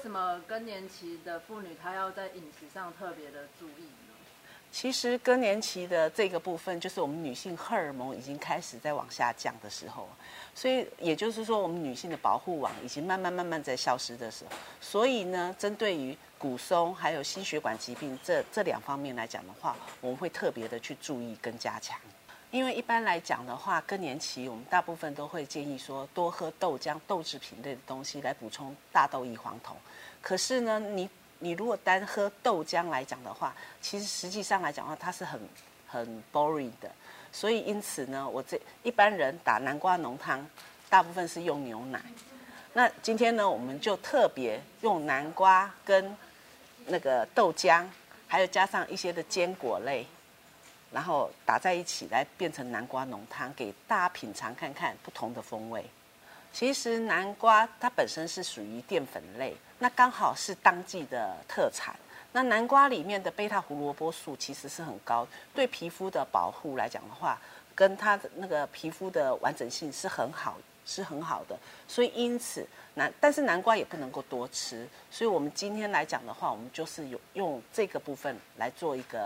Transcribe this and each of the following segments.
為什麼更年期的婦女她要在飲食上特別的注意呢？其實更年期的這個部分，就是我們女性荷爾蒙已經開始在往下降的時候，所以也就是說，我們女性的保護網已經慢慢慢慢在消失的時候，所以呢，針對於骨鬆還有心血管疾病這這兩方面來講的話，我們會特別的去注意跟加強。因為一般來講的話，更年期我們大部分都會建議說多喝豆漿、豆製品類的東西來補充大豆異黃酮。可是呢，你你如果單喝豆漿來講的話，其實實際上來講的話，它是很很 boring 的。所以因此呢，我這一般人打南瓜濃湯，大部分是用牛奶。那今天呢，我們就特別用南瓜跟那個豆漿，還有加上一些的堅果類。然後打在一起來變成南瓜濃湯，給大家品嘗看看不同的風味。其實南瓜它本身是屬於澱粉類，那剛好是當季的特產。那南瓜裡面的貝塔胡蘿蔔素其實是很高，對皮膚的保護來講的話，跟它的那個皮膚的完整性是很好，是很好的，所以因此南但是南瓜也不能夠多吃，所以我們今天來講的話，我們就是有用這個部分來做一個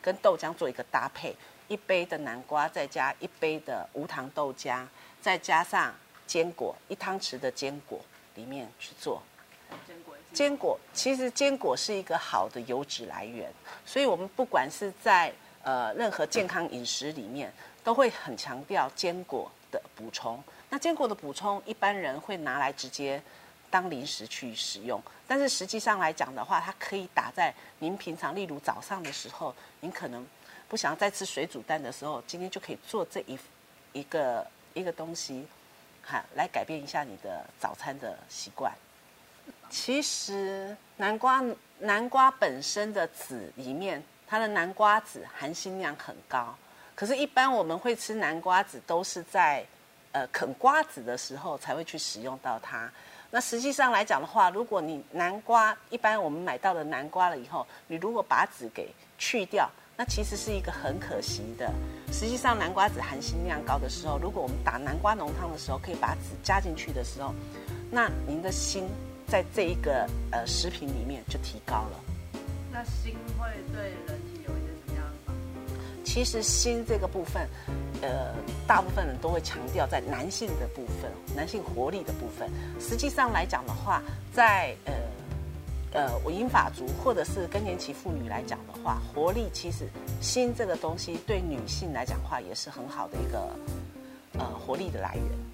跟豆漿做一個搭配，一杯的南瓜再加一杯的無糖豆漿，再加上堅果，一湯匙的堅果裡面去做。堅果其實堅果是一個好的油脂來源，所以我們不管是在呃任何健康飲食裡面都會很強調堅果。的，的補充，那堅果的補充，一般人會拿來直接當零食去使用。但是實際上來講的話，它可以打在您平常，例如早上的時候，您可能不想要再吃水煮蛋的時候，今天就可以做這一一個一個東西，哈，來改變一下你的早餐的習慣。其實南瓜南瓜本身的籽裡面，它的南瓜籽含鋅量很高。可是，一般我們會吃南瓜子，都是在，呃，啃瓜子的時候才會去使用到它。那實際上來講的話，如果你南瓜一般我們買到了南瓜了以後，你如果把籽給去掉，那其實是一個很可惜的。實際上，南瓜子含鋅量高的時候，如果我們打南瓜濃湯的時候，可以把籽加進去的時候，那您的鋅在這一個呃食品裡面就提高了。那鋅會對人體有？其實鋅這個部分，呃，大部分人都會強調在男性的部分，男性活力的部分。實際上來講的話，在呃呃，我銀髮族或者是更年期婦女來講的話，活力其實鋅這個東西對女性來講的話也是很好的一個呃活力的來源。